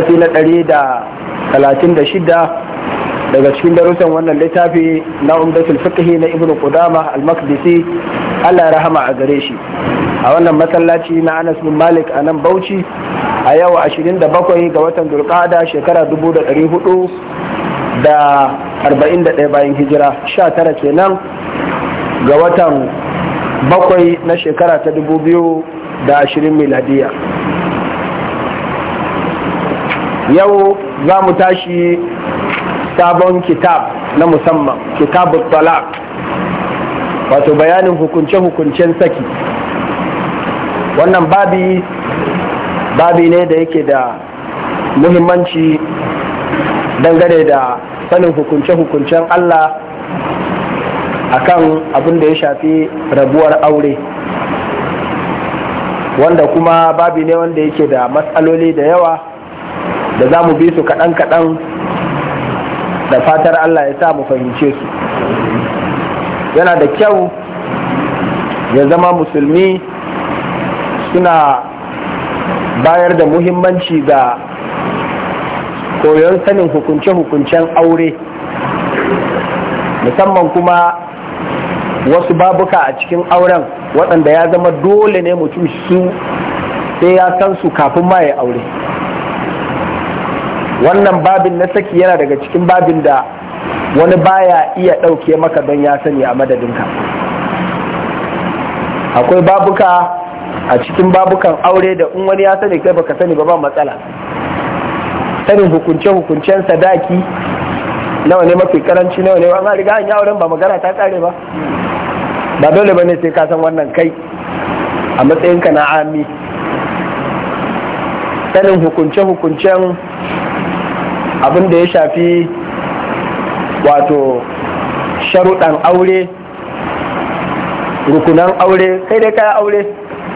littafi na ɗari da talatin da shida daga cikin darussan wannan littafi na umdatul fiqhi na ibnu qudama al-maqdisi Allah ya rahama a gare shi a wannan masallaci na Anas bin Malik a nan Bauchi a yau 27 ga watan Dulqa'ada shekara dubu da ɗaya bayan hijira Sha tara kenan ga watan bakwai na shekara ta 2020 miladiya yau za mu tashi sabon kitab na musamman kitabu talaq wato bayanin hukunce-hukuncen saki wannan babi babi ne da yake da muhimmanci dangane da sanin hukunce-hukuncen Allah akan abin da ya shafi rabuwar aure wanda kuma babi ne wanda yake da matsaloli da yawa da za mu bi su kaɗan-kaɗan da fatar Allah ya sa mu fahimce su yana da kyau ya zama musulmi suna bayar da muhimmanci ga koyon sanin hukunce-hukuncen aure musamman kuma wasu babuka a cikin auren waɗanda ya zama dole ne mutum su sai ya san su kafin ma ya aure wannan babin na saki yana daga cikin babin da wani baya iya ɗauke maka don ya sani a madadinka akwai babuka a cikin babukan aure da in wani ya sani kai baka sani ba ba matsala sanin hukunce-hukuncen sadaki nawa ne mafi karanci nawa ne ba riga an yi auren ba magana ta kare ba ba dole ba ne sai ka san wannan kai a matsayinka na ami sanin hukunce-hukuncen abin da ya shafi wato sharuɗan aure rukunan aure kai dai kaya aure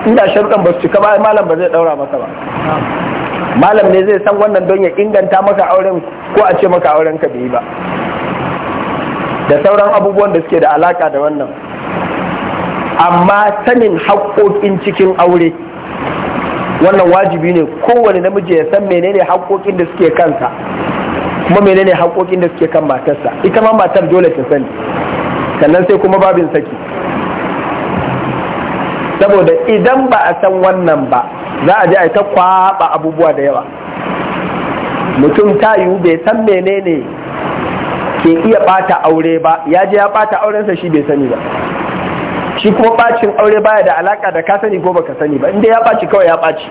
inda sharuɗan ba su cika ba malam ba zai ɗaura masa ba malam ne zai san wannan don ya inganta maka auren ko a ce maka auren ka bai ba da sauran abubuwan da suke da alaka da wannan amma sanin haƙoƙin cikin aure wannan wajibi ne kowane namiji ya san menene haƙoƙin da suke kansa kuma menene haƙoƙin da suke kan matarsa ita ma matar dole ta sani sannan sai kuma babin saki saboda idan ba a san wannan ba za a je a ta kwaba abubuwa da yawa mutum ta yiwu bai san menene ke iya bata aure ba ya je ya bata aurensa shi bai sani ba shi kuma bacin aure baya da alaka da ka sani ko baka sani ba inda ya baci kawai ya baci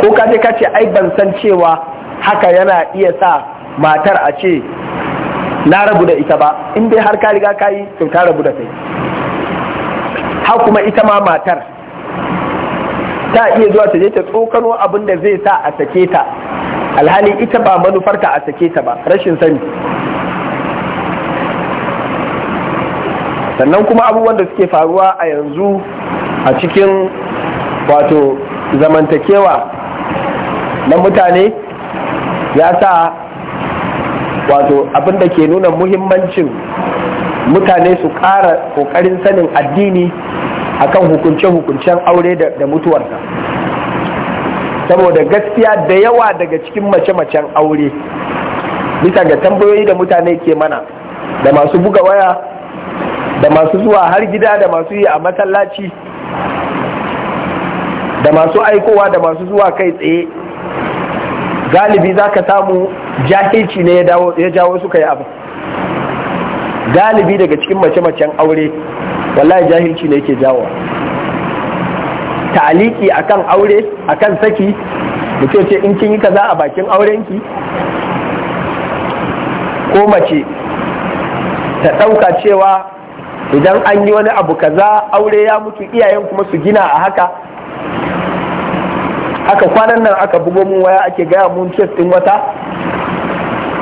ko ka je ka ce ai ban san cewa haka yana iya sa matar a ce na rabu da ita ba in dai har ka riga ka yi to ta rabu da kai har kuma ita ma matar ta iya zuwa ta je ta tsokano abin da zai sa a sake ta alhali ita ba manufarta a sake ta ba rashin sani sannan kuma abubuwan da suke faruwa a yanzu a cikin wato zamantakewa na mutane ya sa wato abinda ke nuna muhimmancin mutane su ƙara ƙoƙarin sanin addini akan hukunce-hukuncen aure da mutuwarsa saboda gaskiya da yawa daga cikin mace-macen aure bisa ga tambayoyi da mutane ke mana da masu buga waya da masu zuwa har gida da masu yi a masallaci da masu aikowa da masu zuwa kai tsaye galibi za ka samu jahilci ne ya jawo suka yi abu galibi daga cikin mace-macen aure wallahi jahilci ne yake jawo ta'aliki akan aure akan saki mutum ce in kin yi kaza a bakin aurenki ko mace ta ɗauka cewa idan an yi wani abu kaza aure ya mutu iyayen kuma su gina a haka haka kwanan nan aka bugo mun waya ake gaya mun kes ɗin wata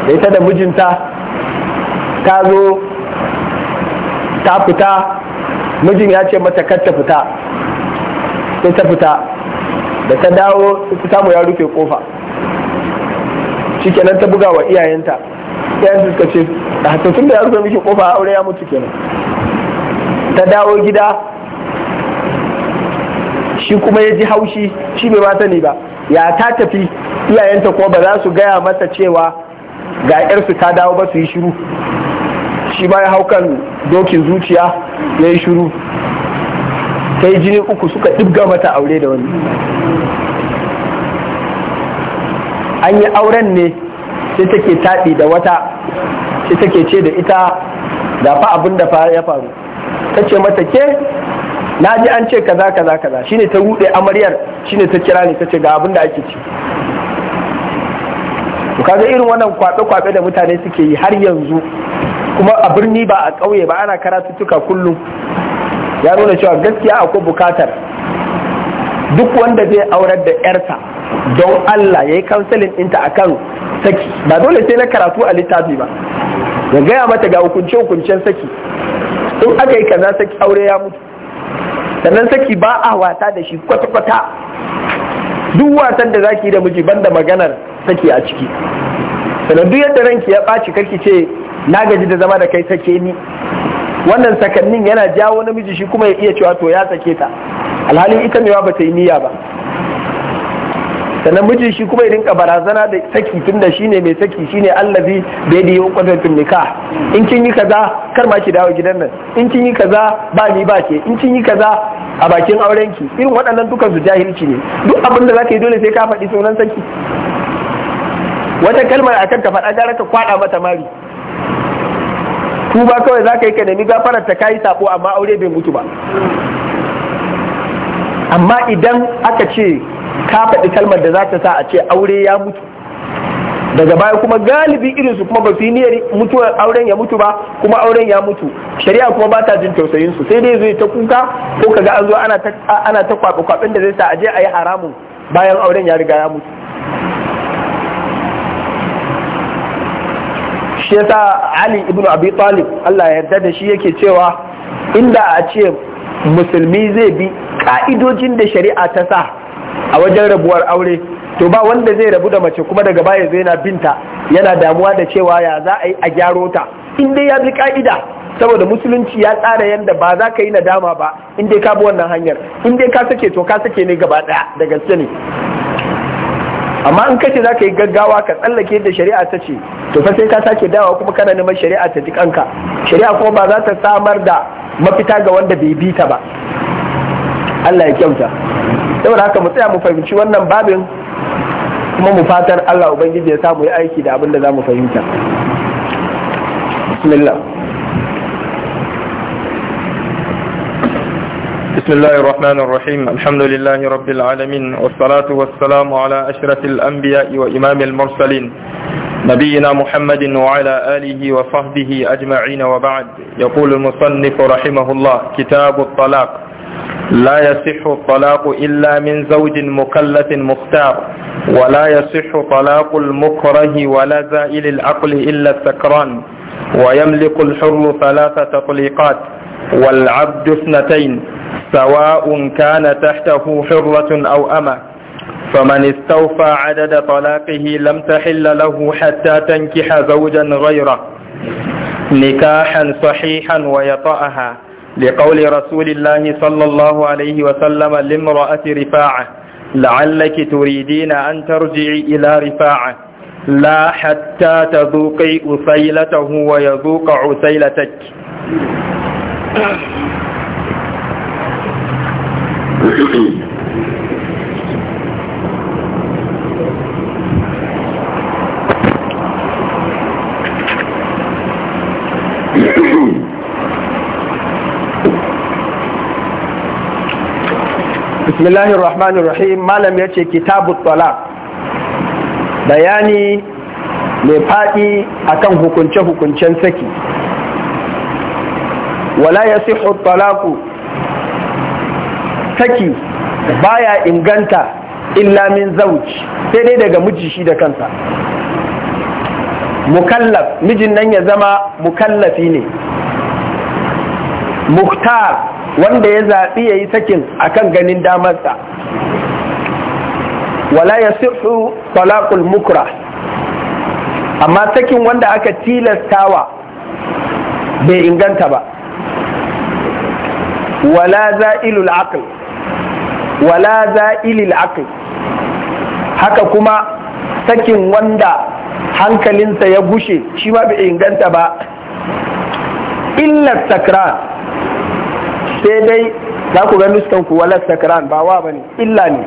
da ita da mijinta ta zo ta fita mijin ya ce mata kar ta fita sai ta fita da ta dawo fita samu ya rufe kofa shikenan ta buga wa iyayenta iyayen suka ce da ah, hattattun da ya rufe miki kofa aure ya mutu kenan ta dawo gida shi kuma ya ji haushi shi bai ma sani ba ya ta tafi iyayenta ko ba za su gaya mata cewa ga yarsu ta dawo ba su yi shiru shi bayan haukan dokin zuciya ya yi shiru ta yi jini uku suka ɗibga mata aure da wani an yi auren ne sai take taɗi da wata sai take ce da ita da fa abin da ya faru ta ce mata ke na ji an ce kaza kaza kaza shine ta rude amaryar shine ta kira ne ta ce ga abin da ake ci kaga irin wannan kwabe-kwabe da mutane suke yi har yanzu kuma a birni ba a ƙauye ba ana karatuttuka kullum ya nuna cewa gaskiya akwai bukatar duk wanda zai aurar da yarta don Allah ya yi kansalin ɗinta a kan saki ba dole sai na karatu a littafi ba ya gaya mata ga hukunce-hukuncen saki in aka yi kaza saki aure ya mutu sannan saki ba a wata da shi kwata-kwata duk wasan da zaki da miji banda maganar sake a ciki sannan duk yadda ranki ya ɓaci karki ce na gaji da zama da kai sake ni wannan sakannin yana jawo namiji shi kuma ya iya cewa to ya sake ta alhalin ita mewa ba ta yi niyya ba sannan miji shi kuma ya rinka barazana da saki tun da shine mai saki shine allazi da yadda yau tun nika in kin yi kaza kar ma ki dawo gidan nan in kin yi kaza ba ni ba ke in kin yi kaza a bakin aurenki irin waɗannan dukan su jahilci ne duk abin da za ka yi dole sai ka faɗi sunan saki wata kalmar a ka faɗa gara ka kwaɗa mata mari ba kawai za ka yi ka nemi gafarar ta kayi sabo amma aure bai mutu ba amma idan aka ce ka faɗi kalmar da za ta sa a ce aure ya mutu daga baya kuma galibi irin su kuma ba fi niyyar mutuwar auren ya mutu ba kuma auren ya mutu shari'a kuma ba ta jin tausayin su sai dai zai ta kuka ko kaga an zo ana ta kwaɓe kwaɓen da zai sa a je a yi haramun bayan auren ya riga ya mutu shi yasa ali ibn abi talib Allah ya yarda da shi yake cewa inda a ce musulmi zai bi ka'idojin da shari'a ta sa a wajen rabuwar aure to ba wanda zai rabu da mace kuma daga baya zai na binta yana damuwa da cewa ya za a yi a gyaro ta in dai ya bi ka'ida saboda musulunci ya tsara yadda ba za ka yi nadama ba in dai ka bi wannan hanyar in dai ka sake to ka sake ne gaba daya da gaske ne amma in kace za ka yi gaggawa ka tsallake da shari'a ta ce to fa sai ka sake dawa kuma kana neman shari'a ta ji kanka shari'a kuma ba za ta samar da mafita ga wanda bai bi ta ba Allah ya kyauta saboda haka mu tsaya mu fahimci wannan babin kuma mu fatan Allah ubangiji ya samu yi aiki da abin da za mu fahimta bismillah بسم الله الرحمن الرحيم الحمد لله رب العالمين والصلاة والسلام على أشرف الأنبياء وإمام المرسلين نبينا محمد وعلى آله وصحبه أجمعين وبعد يقول المصنف رحمه الله كتاب الطلاق لا يصح الطلاق إلا من زوج مكلف مختار ولا يصح طلاق المكره ولا زائل العقل إلا السكران ويملك الحر ثلاثة طليقات والعبد اثنتين سواء كان تحته حرة أو أمة فمن استوفى عدد طلاقه لم تحل له حتى تنكح زوجا غيره نكاحا صحيحا ويطأها لقول رسول الله صلى الله عليه وسلم لامرأة رفاعة لعلك تريدين أن ترجعي إلى رفاعة لا حتى تذوقي أسيلته ويذوق عسيلتك bismillahir rahmanir rahim malam ya ce kitabu talaq bayani mai faɗi akan hukunce-hukuncen saki wala ya talaku saki baya inganta illa min zauj sai dai daga miji shi da kansa mukallaf mijin nan ya zama mukallafi ne muhtar wanda ya zaɓi ya yi sakin akan ganin damarsa wala ya sihu talakul mukra amma sakin wanda aka tilastawa bai inganta ba wala za'ilul aql wala za'ilil aql haka kuma sakin wanda hankalinsa ya gushe shi ma bai inganta ba illar sakran sai dai za ku ga nuskan ku wala sakran ba wa bane illa ne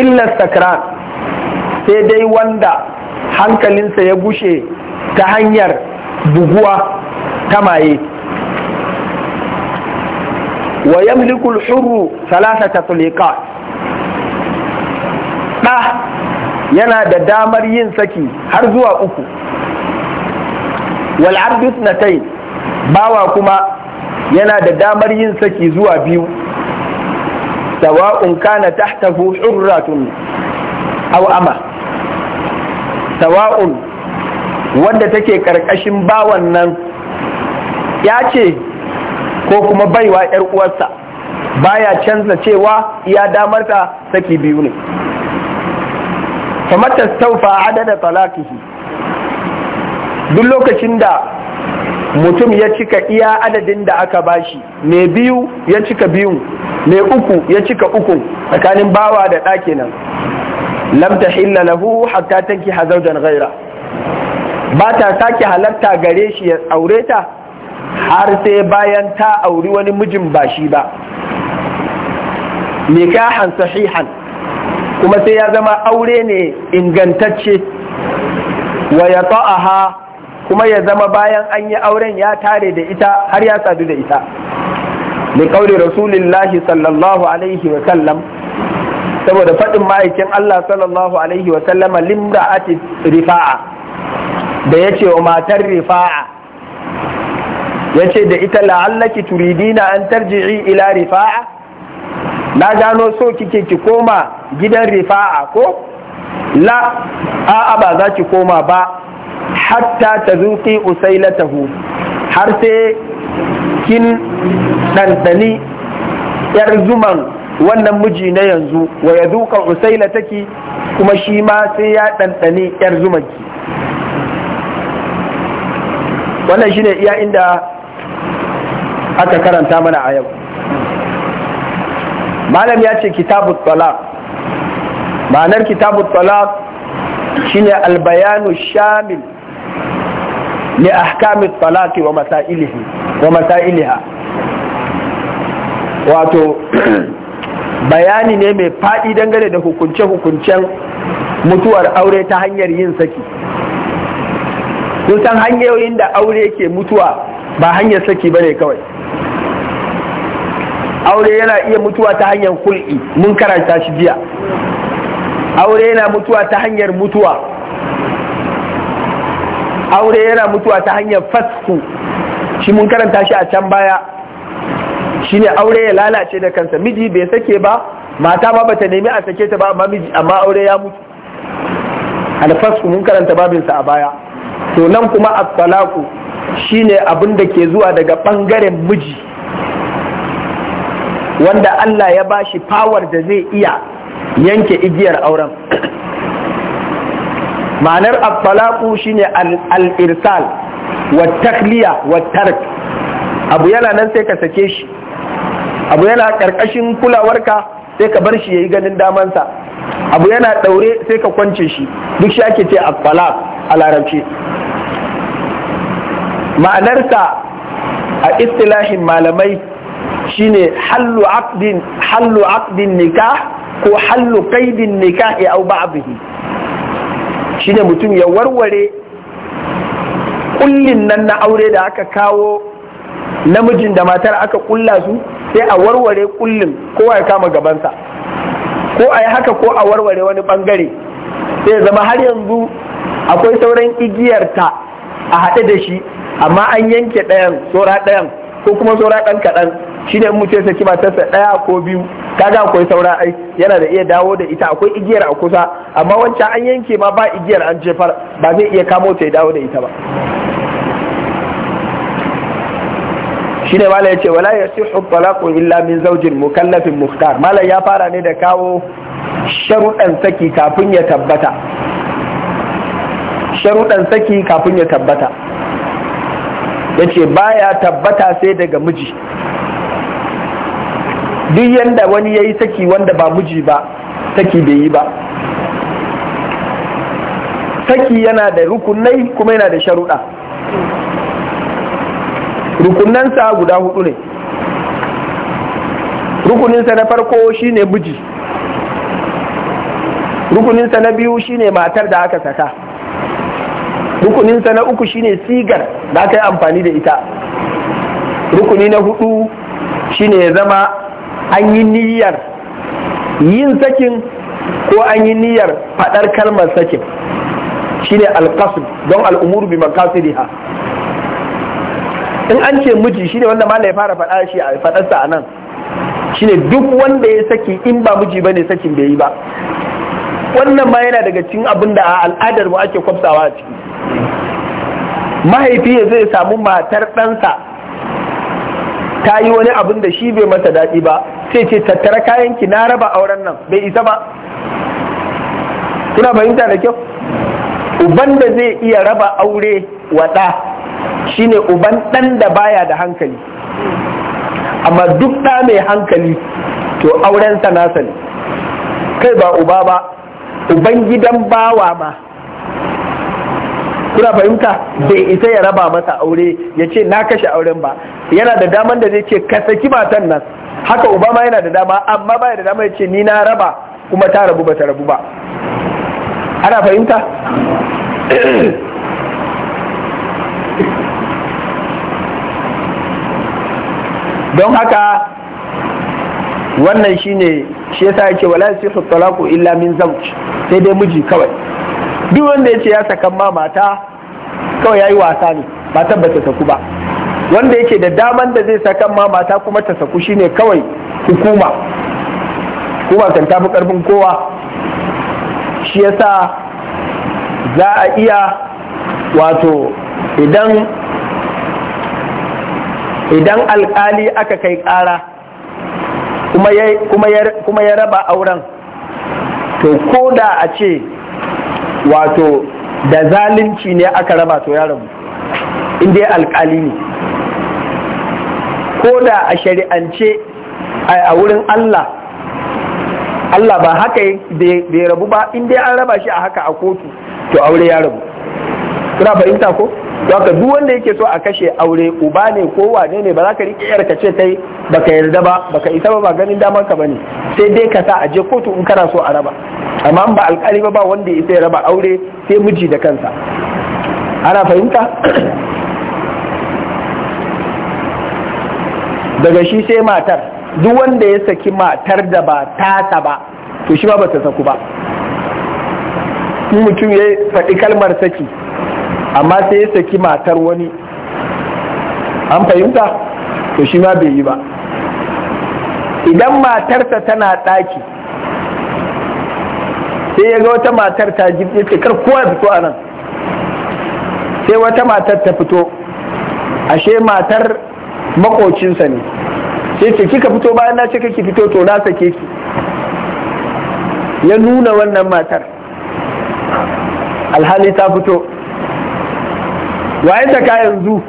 illar sakran sai dai wanda hankalinsa ya gushe ta hanyar buguwa ta maye wa yamliku al-hurru thalathata tuliqat yana da damar yin saki har zuwa uku wal abdu thnatayn bawa kuma yana da damar yin saki zuwa biyu sawa'un kana tahtahu hurratun aw sawa'un wanda take karkashin bawan nan ya ce ko kuma baiwa yar uwarsa baya canza cewa iya ta saki biyu ne kamar tastaufa adada talakihi duk lokacin da mutum ya cika iya adadin da aka bashi mai biyu ya cika biyun mai uku ya cika uku tsakanin bawa da ɗake nan lamta tahilla lahu hatta tanki hazaujan ghaira ba ta sake halarta gare shi ya aure ta har sai bayan ta auri wani mijin ba shi ba nikahan sahihan kuma sai ya zama aure ne ingantacce wa ya ta'aha kuma ya zama bayan an yi auren ya tare da ita har ya sadu da ita da kauli rasulillahi sallallahu alaihi wa saboda faɗin ma'aikin Allah sallallahu alaihi wa sallama ati rifa'a da ya ce wa matar rifa'a ce da ita la'allaki turidina an tarji'i ila rifa'a na gano so kike ki koma gidan rifa'a ko la a'a ba za ki koma ba hatta ta tazuqi usailatahu har sai kin ɗanɗani yar zuman wannan miji na yanzu wa ya duka usaila taki kuma shi ma sai ya ɗanɗani yar zuman ki. wannan shi ne iya inda aka karanta mana a yau malam ya ce kitabu talaq ma'anar kitabu talaq shine albayanu shamil li ahkami talaq wa masailihi wa masailiha wato bayani ne mai faɗi dangane da hukunce-hukuncen mutuwar aure ta hanyar yin saki kusan hanyoyin da aure ke mutuwa ba hanyar saki ba ne kawai aure yana iya mutuwa ta hanyar kul'i mun karanta shi jiya aure yana mutuwa ta hanyar mutuwa aure yana mutuwa ta hanyar fasku shi mun karanta shi a can baya Shi ne aure ya lalace da kansa miji bai sake ba mata ba bata nemi a sake ta ba amma miji amma aure ya mutu alfasku mun karanta babinsa a baya to nan kuma at-talaqu shine abin da ke zuwa daga bangaren miji wanda Allah ya bashi fawar da zai iya yanke igiyar auren ma'anar abbalaku shine al-irsal wa takliya wa tark abu yana nan sai ka sake shi abu yana ƙarƙashin kulawarka sai ka bar shi yayi ganin damansa abu yana ɗaure sai ka kwance shi duk shi ake ce abbalak a larabci ma'anarsa a istilahin malamai shine hallu ab'din hallu abdin nikah ko hallu qaidin nikahi aw ba'dihi shine mutum ya warware kullin nan na aure da aka kawo namijin da matar aka kulla su sai a warware kullin ko ya kama gabansa ko a yi haka ko a warware wani bangare sai ya zama har yanzu akwai sauran igiyarta a haɗe da shi amma an yanke ɗayan tsora ɗayan ko kuma tsora ɗan kaɗan shi in mu ce saki tasa ɗaya ko biyu kaga akwai saura ai yana da iya dawo da ita akwai igiyar a kusa amma wancan an yanke ma ba igiyar an jefar ba zai iya kamo ta ya dawo da ita ba shi ne mala ya ce wala ya sihu talaqun illa min zaujin mukallafin muhtar mala ya fara ne da kawo sharuɗan saki kafin ya tabbata sharuɗan saki kafin ya tabbata ya ce baya tabbata sai daga miji duk yadda wani ya yi saki wanda ba muji ba saki bai yi ba saki yana da rukunai kuma yana da sharuɗa rukunansa guda hudu ne rukuninsa na farko shine buji rukuninsa na biyu shine matar da aka saka rukuninsa na uku shine sigar da aka yi amfani da ita rukuni na hudu shine ya zama an yi niyyar yin sakin ko an yi niyyar faɗar kalmar sakin shi ne alƙasu don al’umur bi maqasidiha in an ce miji ne wanda ya fara faɗa shi a faɗarsa a nan shi ne duk wanda ya saki in ba miji ne sakin bai yi ba wannan ma yana daga cikin abin da a al'adar mu ake kwafsawa a ciki mahaifi ya zai samu matar ɗansa ta yi wani abin da shi bai mata daɗi ba sai ce tattara ki na raba auren nan bai isa ba kuna fahimta da kyau uban da zai iya raba aure wa shine uban ɗan da baya da hankali amma duk ɗa mai hankali to aurensa na ne kai ba uba ba uban gidan bawa ma kuna fahimta bai isa ya raba masa aure ya ce na kashe auren ba yana da daman da zai ce ka saki matan nan haka uba ma yana da dama amma baya da dama ya ce ni na raba kuma ta rabu ba ta rabu ba ana fahimta don haka wannan shine shi yasa yake wala yasihu talaqu illa min zawj sai dai miji kawai duk wanda yace ya sakan ma mata kawai yayi wasa ne ba tabbata saku ba wanda yake da daman da zai saka ma mata kuma ta saku shine kawai hukuma hukuma kan tafi karfin kowa shi yasa za a iya wato idan idan alkali aka kai kara kuma ya raba auren to ko da a ce wato da zalunci ne aka raba to ya rabu in dai alkali ne ko da a shari'ance a wurin Allah Allah ba haka bai rabu ba inda dai an raba shi a haka a kotu to aure ya rabu kuna fahimta ko ka duk wanda yake so a kashe aure uba ne ko wane ne ba za ka rike yar ka ce kai baka yarda ba baka isa ba ba ganin daman ka bane sai dai ka sa a je kotu in kana so a raba amma ba alƙali ba ba wanda ya isa ya raba aure sai miji da kansa ana fahimta daga shi sai matar duk wanda ya saki matar da ba tasa ba to shi ba ba ta saku ba in mutum ya faɗi kalmar saki amma sai ya saki matar wani an fahimta to shi ma bai yi ba idan matarsa tana ɗaki sai ya ga wata matar ta ji ya kar kowa fito a nan sai wata matar ta fito ashe matar makocinsa ne sai ce kika fito bayan na ce kake fito to na sake ki ya nuna wannan matar alhali ta fito waye ta ka yanzu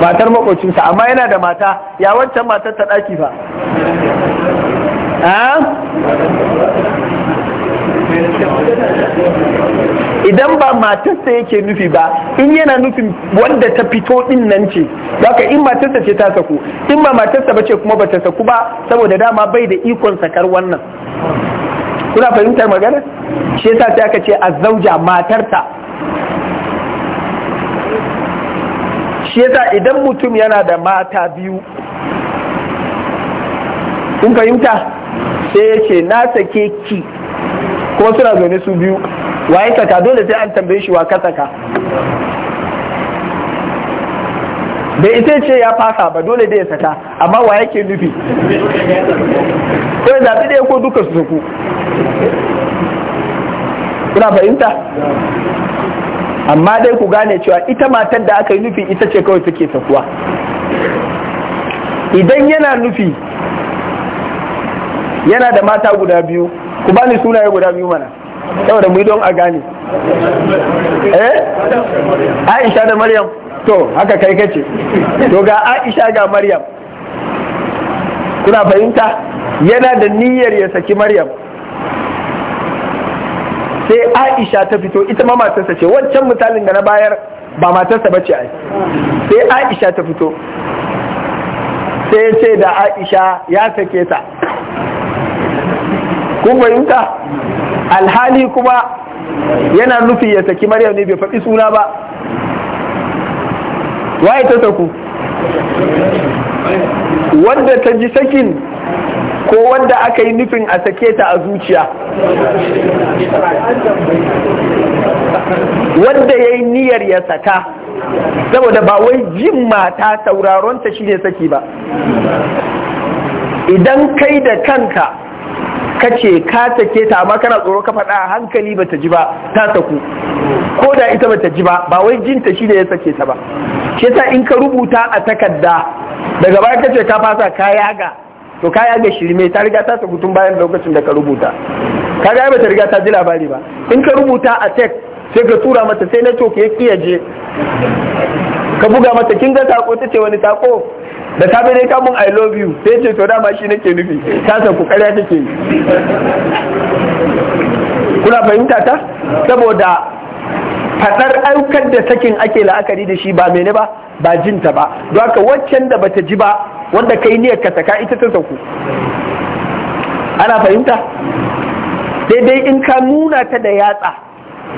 matar makocinsa amma yana da mata ya wancan matar ta ɗaki fa a ah? idan ba matarsa yake nufi ba in yana nufin wanda ta fito din nan ce haka in matarsa ce ta saku in ba matarsa ba ce kuma ta saku ba saboda dama bai da ikon sakar wannan kuna fahimtar magana shi yasa sai aka ce azauja matarta shi yasa idan mutum yana da mata biyu kun fahimta sai ya ce na sake ki kuma suna zaune su biyu waye saka dole sai an tambaye shi wa ka saka bai ita ce ya fasa ba dole da ya saka amma wa yake nufi ko zaɓi ɗaya ko duka su suku kuna fahimta amma dai ku gane cewa ita matar da aka yi nufi ita ce kawai take sakuwa idan yana nufi yana da mata guda biyu ku bani sunaye guda biyu mana da mu yi don a gane eh aisha da maryam to haka kai kace to ga aisha ga maryam kuna fahimta yana da niyyar ya saki maryam sai aisha ta fito ita ma matarsa ce wancan misalin da na bayar ba matarsa bace ai sai aisha ta fito sai ce da aisha ya sake ta kun fahimta alhali kuma yana nufi ya saki maryam ne bai faɗi suna ba waye ta saku wanda ta ji sakin ko wanda aka yi nufin a sake ta a zuciya wanda ya yi niyyar ya saka saboda ba wai jin mata sauraronta shi ne saki ba idan kai da kanka ka ce ka take ta amma kana tsoro ka faɗa a hankali ba ta ji ba ta saku ko da ita ba ta ji ba ba wai jinta shi da ya sake ta ba shi ta in ka rubuta a takarda daga baya ka ce ka fasa ka yaga to ka yaga shirme ta riga ta saku tun bayan lokacin da ka rubuta ka ga ba ta riga ta ji labari ba in ka rubuta a tek sai ka tura mata sai na to ke kiyaje ka buga mata kin ga sako ta ce wani sako da ta bai ka mun i love you sai ce to dama shi nake nufi ta san ku ƙarya take yi kuna fahimta ta saboda fadar aukar da sakin ake la'akari da shi ba mene ba ba jinta ba don haka waccan da bata ji ba wanda kai niyyar ka saka ita ta sauku. ana fahimta daidai in ka nuna ta da yatsa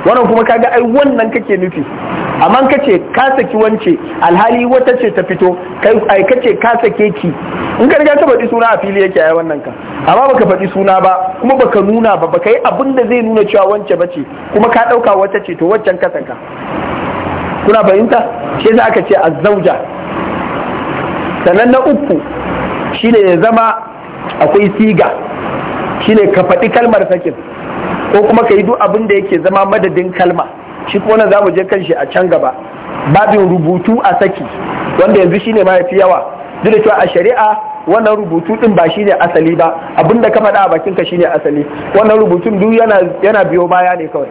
wannan kuma kaga ai wannan kake nufi amma ce ka saki wance alhali wata ce ta fito kai ka ce ka sake ki in ka riga ka faɗi suna a fili yake ai wannan ka amma baka faɗi suna ba kuma baka nuna ba baka yi abin da zai nuna cewa wance bace kuma ka ɗauka wata ce to waccan ka saka kuna fahimta shi yasa aka ce azauja sannan na uku shine ya zama akwai siga shine ka faɗi kalmar sakin ko kuma ka yi duk abin da yake zama madadin kalma shi kuma za mu je kan shi a can gaba babin rubutu a saki wanda yanzu shine ma yafi yawa duk da cewa a shari'a wannan rubutu din ba shine asali ba abin da ka faɗa a ka shine asali wannan rubutun duk yana yana biyo baya ne kawai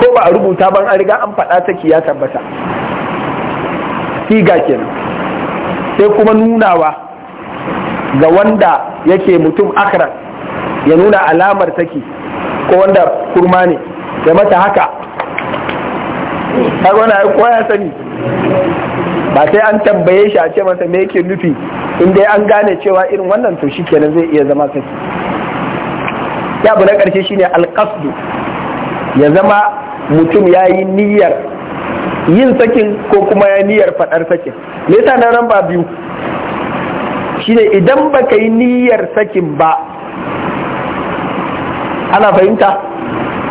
ko ba a rubuta ban an riga an faɗa saki ya tabbata siga kenan sai kuma nunawa ga wanda yake mutum akran ya nuna alamar take ko wanda kurma ne ya mata haka har wani ko ya sani ba sai an tambaye shi a ce masa me yake nufi in dai an gane cewa irin wannan to kenan zai iya zama saki ya abu na shi shine alƙasdu ya zama mutum ya yi niyyar yin sakin ko kuma ya niyyar faɗar sakin me yasa na ramba biyu shine idan baka yi niyyar sakin ba ana fahimta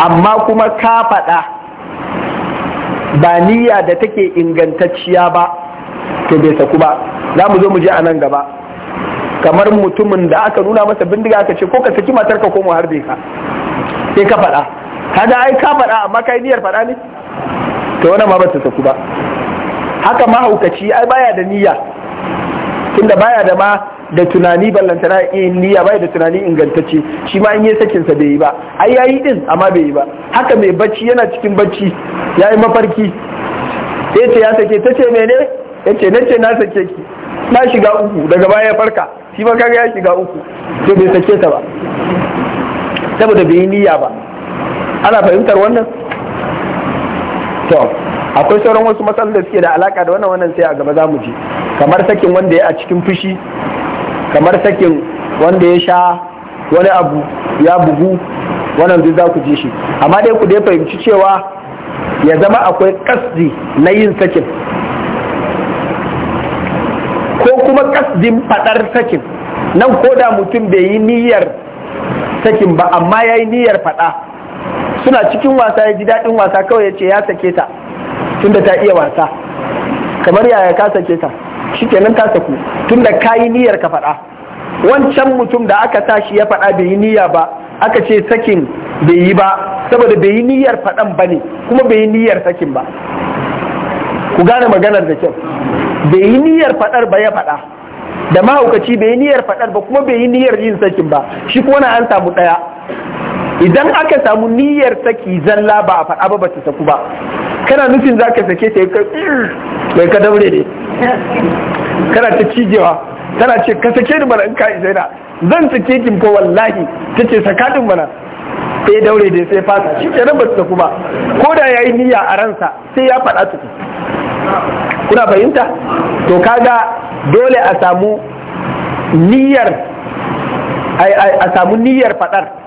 amma kuma ka faɗa ba niyya da take ingantacciya ba to bai saku ba za mu zo mu je a nan gaba kamar mutumin da aka nuna masa bindiga aka ce ko ka saki matar ka ko mu harbe ka sai ka faɗa kaga ai ka faɗa amma kai niyyar faɗa ne to wannan ma ba ta saku ba haka ma Haukaci ai baya da niyya tunda baya da ma da tunani ballantana yin niyya bai da tunani ingantacce shi ma in yi sakin sa bai yi ba ai yayi din amma bai yi ba haka mai bacci yana cikin bacci yayi mafarki sai ce ya sake ta ce mene yace ce na sake ki na shiga uku daga baya ya farka shi ma kaga ya shiga uku to bai sake ta ba saboda bai yi niyya ba ana fahimtar wannan to akwai sauran wasu matsalolin da suke da alaka da wannan wannan sai a gaba za mu je kamar sakin wanda ya a cikin fushi kamar sakin wanda ya sha wani abu ya bugu wannan duk za ku ji shi amma dai ku dai fahimci cewa ya zama akwai kasdi na yin sakin ko kuma kasdin fadar sakin nan ko da mutum bai yi niyyar sakin ba amma ya yi niyyar fada suna cikin wasa ya ji daɗin wasa kawai ya ce ya sake ta tunda ta iya wasa kamar yaya ka sake ta shikenan ka saku tunda kayi niyyar ka faɗa wancan mutum da aka tashi ya faɗa bai yi niyya ba aka ce sakin bai yi ba saboda bai yi niyyar faɗan ba ne kuma bai yi niyyar sakin ba ku gane maganar da kyau bai yi niyyar faɗar ba ya faɗa da mahaukaci bai yi niyyar faɗar ba kuma bai yi niyyar yin sakin ba shi kuma na an samu ɗaya idan aka samu niyyar saki zalla ba a faɗa ba ba ta saku ba kana nufin za ka sake ta kai ka daure ne kana ta cijewa tana ce ka sake ni bana in ka isa zan sake kin ko wallahi ta ce saka din bana sai daure dai sai fata shi ke ba ta saku ba ko da ya yi niyya a ransa sai ya faɗa tuku kuna fahimta to kaga dole a samu niyyar a samu niyyar faɗar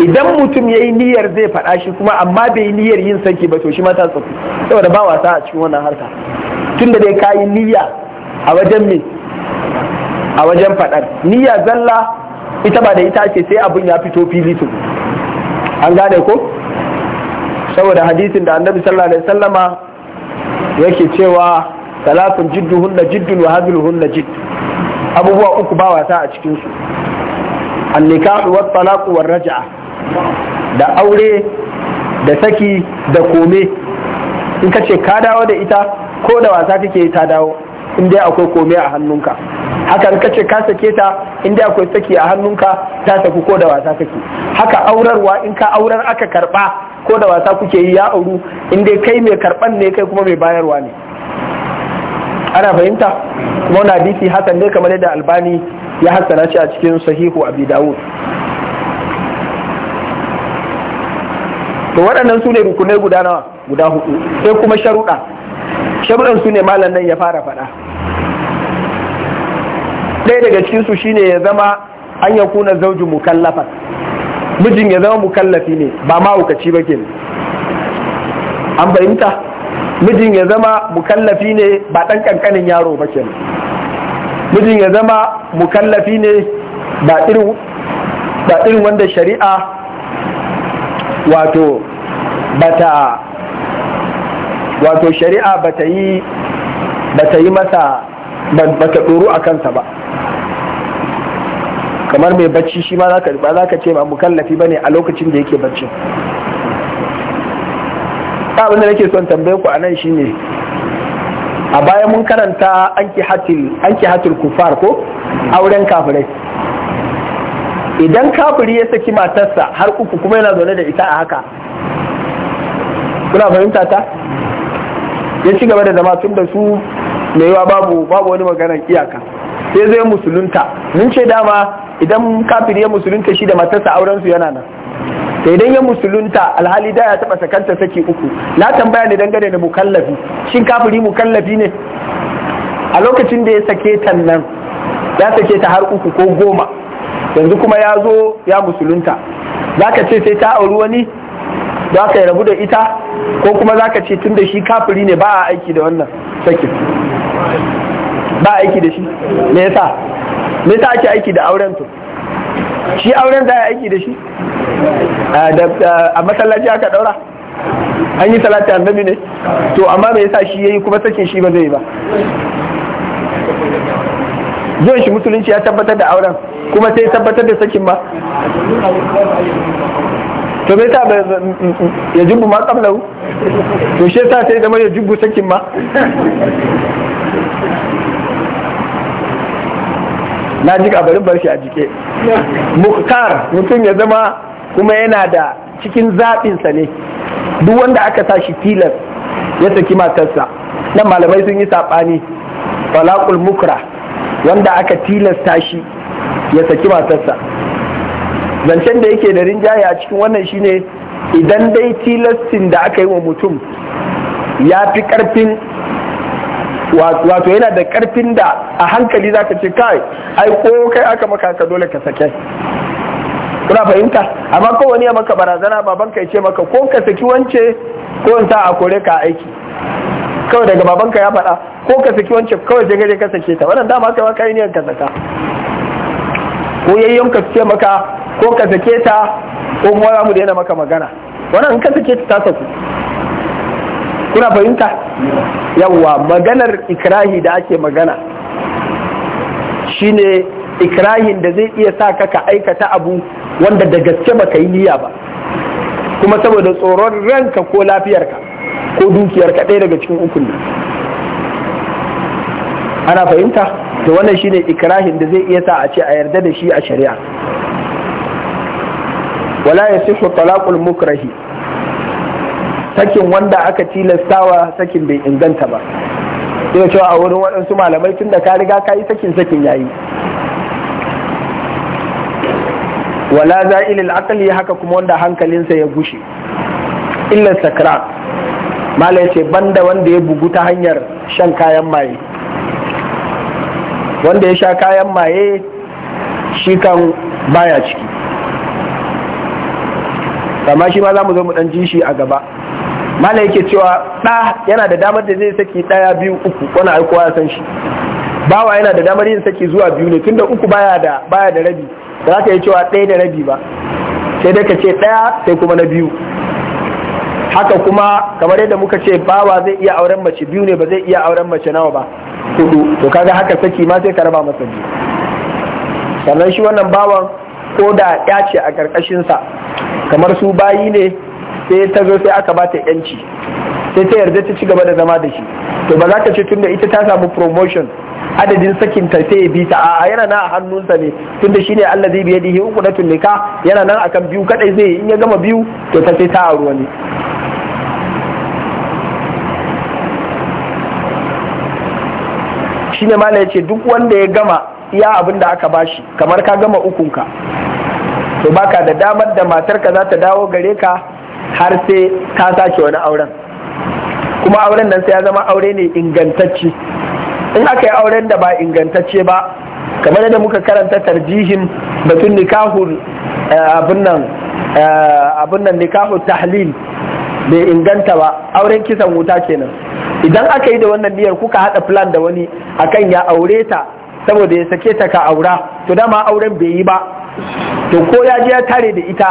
idan mutum ya yi niyyar zai faɗa shi kuma amma bai yi niyyar yin sanki ba to shi ma ta tsaku saboda ba wasa a cikin wannan harka tun da dai ka yi niyya a wajen me a wajen faɗar niyya zalla ita ba da ita ce sai abin ya fito fili tu an gane ko saboda hadisin da annabi sallallahu alaihi wasallama yake cewa salatun jidduhunna jiddun wa hadluhunna jidd abubuwa uku ba wasa a cikin su an nikahu wat raj'a da aure da saki da kome in ka ce ka dawo da ita ko da wasa kake ta dawo in dai akwai kome a hannunka haka ka ce ka sake ta in dai akwai saki a hannunka ta saku ko da wasa kake haka aurarwa in ka aurar aka karba ko da wasa kuke yi ya auru in dai kai mai karban ne kai kuma mai bayarwa ne ana fahimta kuma wani hadisi hasan ne kamar yadda albani ya hassana shi a cikin sahihu abi dawud to waɗannan su ne rukunai guda nawa guda hudu sai kuma sharuɗa sharuɗan su ne malam nan ya fara faɗa ɗaya daga cikin su shine ya zama an ya kuna zauji mukallafa mijin ya zama mukallafi ne ba mahaukaci ba ke an fahimta mijin ya zama mukallafi ne ba ɗan ƙanƙanin yaro ba ke mijin ya zama mukallafi ne ba irin wanda shari'a wato bata wato shari'a bata yi bata yi masa bata ɗoro a kansa ba kamar mai bacci shi ba za ka ce ba mukallafi ba ne a lokacin da yake bacci abinda da nake son tambaye ku a nan shi ne, a baya mun karanta an ki kufar ko auren kafirai idan kafiri ya saki matarsa har uku kuma yana zaune da ita a haka kuna fahimta ta ya ci gaba da zama tun da su yawa babu babu wani maganar iyaka sai zai musulunta mun ce dama idan kafiri ya musulunta shi da matarsa auren su yana nan sai idan ya musulunta alhali da ya taba sakanta saki uku na tambaya ne dangane da mukallafi shin kafiri mukallafi ne a lokacin da ya sake ta nan ya sake ta har uku ko goma yanzu kuma ya zo ya musulunta za ka ce sai ta auri wani za ka rabu da ita ko kuma za ka ce tun da shi kafiri ne ba a aiki da wannan sakin ba a aiki da shi me yasa me yasa ake aiki da auren to shi auren za a aiki da shi a masallaci aka daura an yi salati annabi ne to amma me yasa shi yayi kuma sakin shi ba zai ba zuwan shi musulunci ya tabbatar da auren kuma sai tabbatar da sakin ba to me ta ya jubbu ma kamlau to shi ta sai zama ya jubbu sakin ma na ji kabarin bar shi a jike muktar mutum ya zama kuma yana da cikin zaɓinsa ne duk wanda aka sa shi tilas ya saki matarsa nan malamai sun yi saɓani falakul mukra wanda aka tilasta shi ya saki matarsa zancen da yake da rinjaye a cikin wannan shine idan dai tilastin da aka yi wa mutum ya fi karfin wato yana da karfin da a hankali za ka ce kai ai ko kai aka maka ka dole ka sake kuna fahimta amma ko wani ya maka barazana baban ka ce maka ko ka saki wance ko in sa a kore ka aiki kawai daga baban ka ya faɗa ko ka saki wance kawai sai gaje ka sake ta wannan dama kai ma kai ne ka saka ko yayyon su ce maka ko ka sake ta ko kuma za mu daina maka magana wannan in ka sake ta ta saku kuna fahimta yawwa maganar ikrahi da ake magana shine ikrahin da zai iya sa ka ka aikata abu wanda da gaske baka yi niyya ba kuma saboda tsoron ranka ko lafiyarka ko dukiyarka ɗaya daga cikin ukun ne ana fahimta to wannan shine ikrahin da zai iya sa a ce a yarda da shi a shari'a wala yasihu talaqul mukrahi sakin wanda aka tilastawa sakin bai inganta ba ina cewa a wurin waɗansu malamai tun da ka riga ka yi sakin sakin yayi wala za'il aqli haka kuma wanda hankalinsa ya gushe illa sakra mala yace banda wanda ya bugu ta hanyar shan kayan maye wanda ya sha kayan maye shi kan baya ciki amma shi ma za mu zo mu ɗanji ji shi a gaba mala yake cewa ɗa yana da damar da zai saki ɗaya biyu uku wani aikowa ya san shi bawa yana da damar yin saki zuwa biyu ne tunda uku baya da baya da rabi ba za ka yi cewa ɗaya da rabi ba sai dai ka ce ɗaya sai kuma na biyu haka kuma kamar yadda muka ce bawa zai iya auren mace biyu ne ba zai iya auren mace nawa ba hudu to kaga haka saki ma sai ka raba masa biyu sannan shi wannan bawan ko da ya ce a sa kamar su bayi ne sai ta zo sai aka bata yanci sai ta yarda ta ci gaba da zama da shi to ba za ka ce tunda ita ta samu promotion adadin sakin ta sai bi ta a yana nan a hannunsa ne tunda shine Allah zai biye dihi uku na tullika yana nan akan biyu kadai zai in ya gama biyu to ta sai ta aure wani shine ya ce duk wanda ya gama iya abin da aka bashi kamar ka gama ukunka to baka da damar da matarka za ta dawo gare ka har sai ta sake wani auren kuma auren nan sai ya zama aure ne ingantacce in aka yi auren da ba ingantacce ba kamar yadda muka karanta tarjihin batun nikahul eh, abin nan eh, abin nan nikahul tahlil bai inganta ba auren kisan wuta kenan idan aka yi da wannan niyyar kuka haɗa plan da wani akan ya aure ta saboda ya sake ta ka aura to dama auren bai yi ba to ko ya je ya tare da ita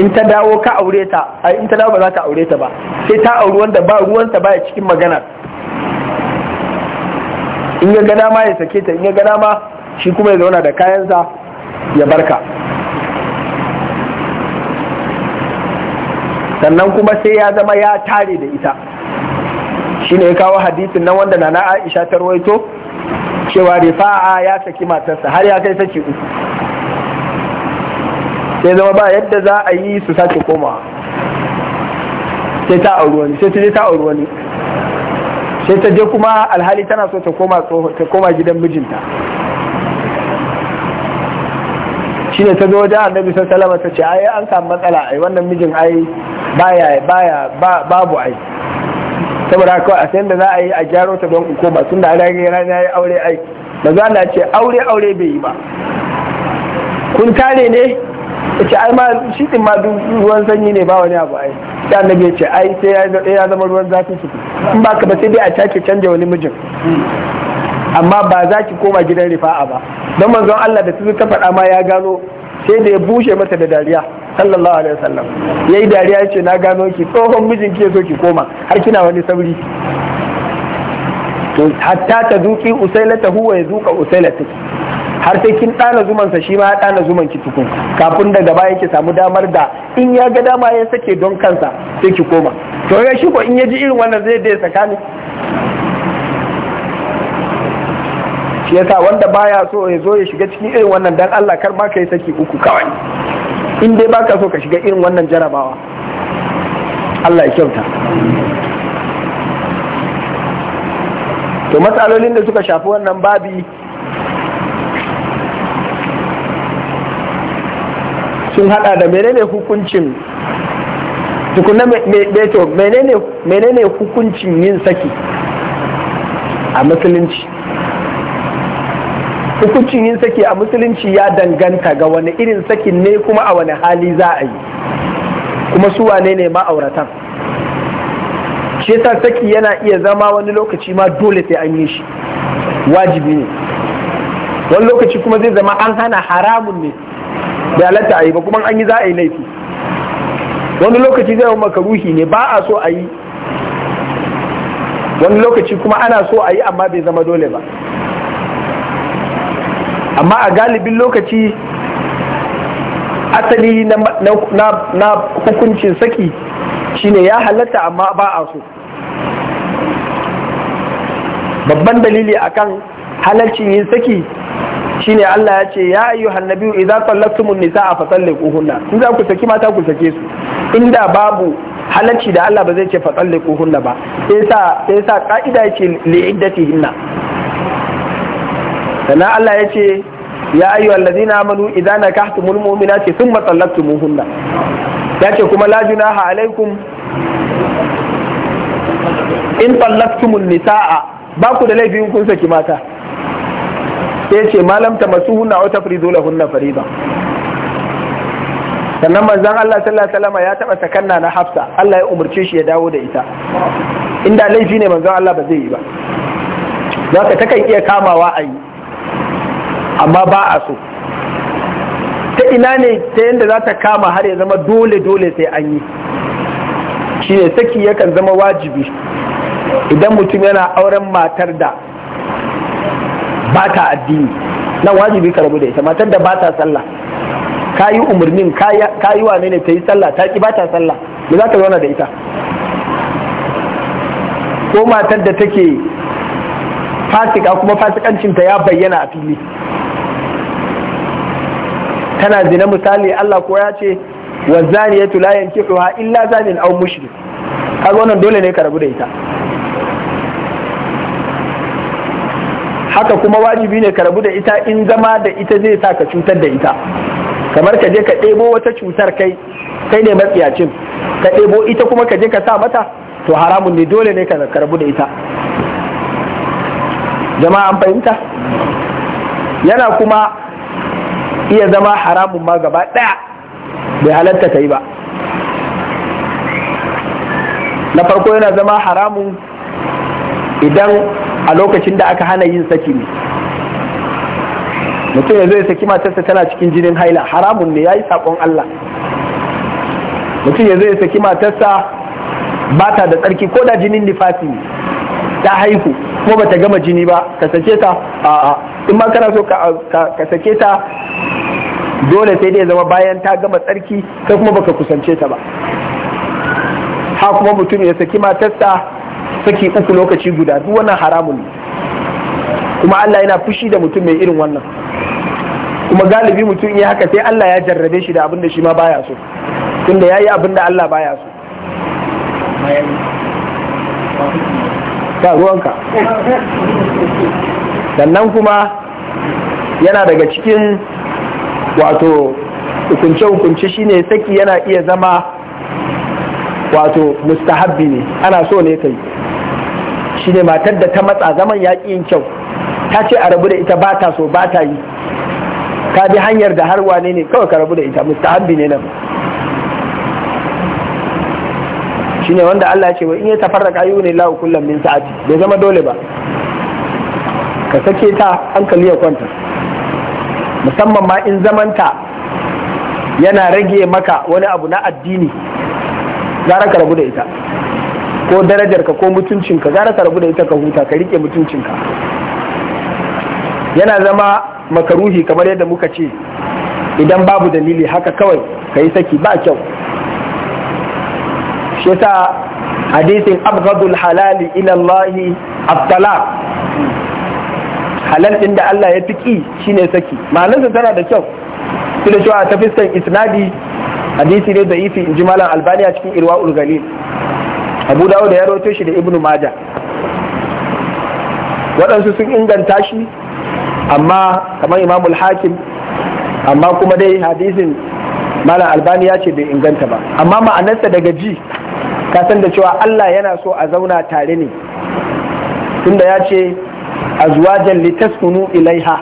in ta dawo ka aure ta ai in ta dawo ba za ta aure ta ba sai ta auri wanda ba ruwansa baya cikin magana in ya ga dama ya sake ta in ya ga dama shi kuma ya zauna da kayansa ya barka sannan kuma sai ya zama ya tare da ita ne ya kawo hadisin nan wanda nana Aisha ta rawaito cewa rifa'a ya saki matarsa har ya kai saki uku sai zama ba yadda za a yi su sake komawa sai ta auri wani sai ta je ta auri wani sai ta je kuma alhali tana so ta koma ta koma gidan mijinta shine ta zo wajen annabi sallallahu alaihi wasallam ta ce ai an samu matsala ai wannan mijin ai baya baya babu ai saboda kawai a sayan da za a yi a gyaro ta don ko ba tun da ya yi rana ya aure ai ba za a ce aure aure bai yi ba kun tare ne ya ce ai ma shi din ma ruwan sanyi ne ba wani abu ai ya annabi ya ce ai sai ya zama ruwan zafi su in ba ka ba sai dai a take canja wani mijin amma ba za ki koma gidan rifa'a ba don manzon Allah da ta faɗa ma ya gano sai da ya bushe mata da dariya sallallahu alaihi wasallam yayi dariya yace na gano ki tsohon mijin ki so ki koma har kina wani sauri to hatta ta duki usailata huwa ya zuka usailata har sai kin ɗana sa shi ma ya ɗana zuman ki tukun kafin daga baya ki samu damar da in ya ga dama ya sake don kansa sai ki koma to ya shi ko in ya ji irin wannan zai dai tsakani shi yasa wanda baya so ya zo ya shiga cikin irin wannan dan Allah kar ma kai saki uku kawai in dai baka so ka shiga irin wannan jarabawa Allah ya kyauta to matsalolin da suka shafi wannan babi sun hada da menene hukuncin tukuna menene hukuncin yin saki a musulunci hukuncin yin saki a musulunci ya danganta ga wani irin sakin ne kuma a wani hali za a yi kuma su wane ne ma'auratan shi yasa saki yana iya zama wani lokaci ma dole sai an yi shi wajibi ne wani lokaci kuma zai zama an hana haramun ne da halatta a yi ba kuma an yi za a yi laifi wani lokaci zai maka ruhi ne ba a so a yi wani lokaci kuma ana so a yi amma bai zama dole ba amma a galibin lokaci asali na hukuncin saki shine ya halatta amma ba a so babban dalili akan halarci yin saki shine Allah ya ce ya ayyu hannabiyu idza sallaktumun nisaa fa sallikuhunna in za ku saki mata ku sake su inda babu halarci da Allah ba zai ce fa sallikuhunna ba sai sa sai sa kaida yake li hinna. sannan Allah ya ce ya ayyu allazina amanu idza nakahtumul mu'minati thumma tallaqtumuhunna ya ce kuma la junaha alaikum in tallaqtumun nisaa ba ku da laifin kun saki mata sai ce malam ta tamassuhunna aw tafridu lahunna farida sannan manzon Allah sallallahu alaihi wasallam ya taba sakanna na Hafsa Allah ya umarce shi ya dawo da ita inda laifi ne manzon Allah ba zai yi ba zaka takan iya kamawa a yi amma ba a so ta ina ne ta yadda za ta kama har ya zama dole dole sai an yi shi ne saki yakan zama wajibi idan mutum yana auren matar da ba ta addini nan wajibi ka rabu da ita matar da ba ta sallah ka yi umarnin ka yi wa ne ta yi sallah ta ki ba ta sallah za ka zauna da ita ko matar da take fasika kuma fasikancinta ya bayyana a fili kana zina misali Allah ko ya ce wa zaniyatu la yankihuha illa zanin aw mushrik kaga wannan dole ne ka rabu da ita haka kuma wajibi ne ka rabu da ita in zama da ita zai sa ka cutar da ita kamar ka je ka ɗebo wata cutar kai kai ne matsiyacin ka ɗebo ita kuma ka je ka sa mata to haramun ne dole ne ka rabu da ita jama'a an fahimta yana kuma iya zama haramun ma gaba ɗaya bai halatta ta yi ba na farko yana zama haramun idan a lokacin da aka hana yin saki ne mutum ya zo saki matarsa tana cikin jinin haila haramun ne ya yi saƙon Allah mutum ya zo saki matarsa ba ta da tsarki ko da jinin nifasi ne ta haihu kuma ba ta gama jini ba ka sake ta a'a in ma kana so ka sake ta dole sai dai zama bayan ta gama tsarki sai kuma baka kusance ta ba ha kuma mutum ya saki matarsa saki uku lokaci guda duk wannan haramun ne kuma Allah yana fushi da mutum mai irin wannan kuma galibi mutum ya haka sai Allah ya jarrabe shi da abin da shi ma baya so tunda yayi abin da Allah baya so ka ruwanka sannan kuma yana daga cikin wato hukunce-hukunce shine saki yana iya zama wato mustahabbi ne ana so ne kai shi ne matar da ta matsa zaman yaƙi yin kyau ta ce a rabu da ita ba ta so ba ta yi ka bi hanyar da har wane ne kawai ka rabu da ita mustahabbi ne nan shi ne wanda Allah ce wa in ya tafarraka kayu ne lahu kullum min sa'ati bai zama dole ba ka sake ta hankali ya kwanta musamman ma in zamanta yana rage maka wani abu na addini gara ka rabu da ita ko darajarka ko mutuncinka gara ka rabu da ita ka huta ka rike mutuncinka yana zama makaruhi kamar yadda muka ce idan babu dalili haka kawai ka yi saki ba kyau shi sa hadisin abghadul halali ila halal ɗin da Allah ya fi shi ne saki ma'anarsa tana da kyau Su da cewa ta fiskan isnadi hadisi ne da ifi in ji malam albani a cikin irwa ulgali abu dawo da ya roto shi da ibnu maja waɗansu sun inganta shi amma kamar imamul hakim amma kuma dai hadisin malam albani ya ce bai inganta ba amma ma'anarsa daga ji ka san da cewa Allah yana so a zauna tare ne tunda ya ce azwajan litaskunu ilaiha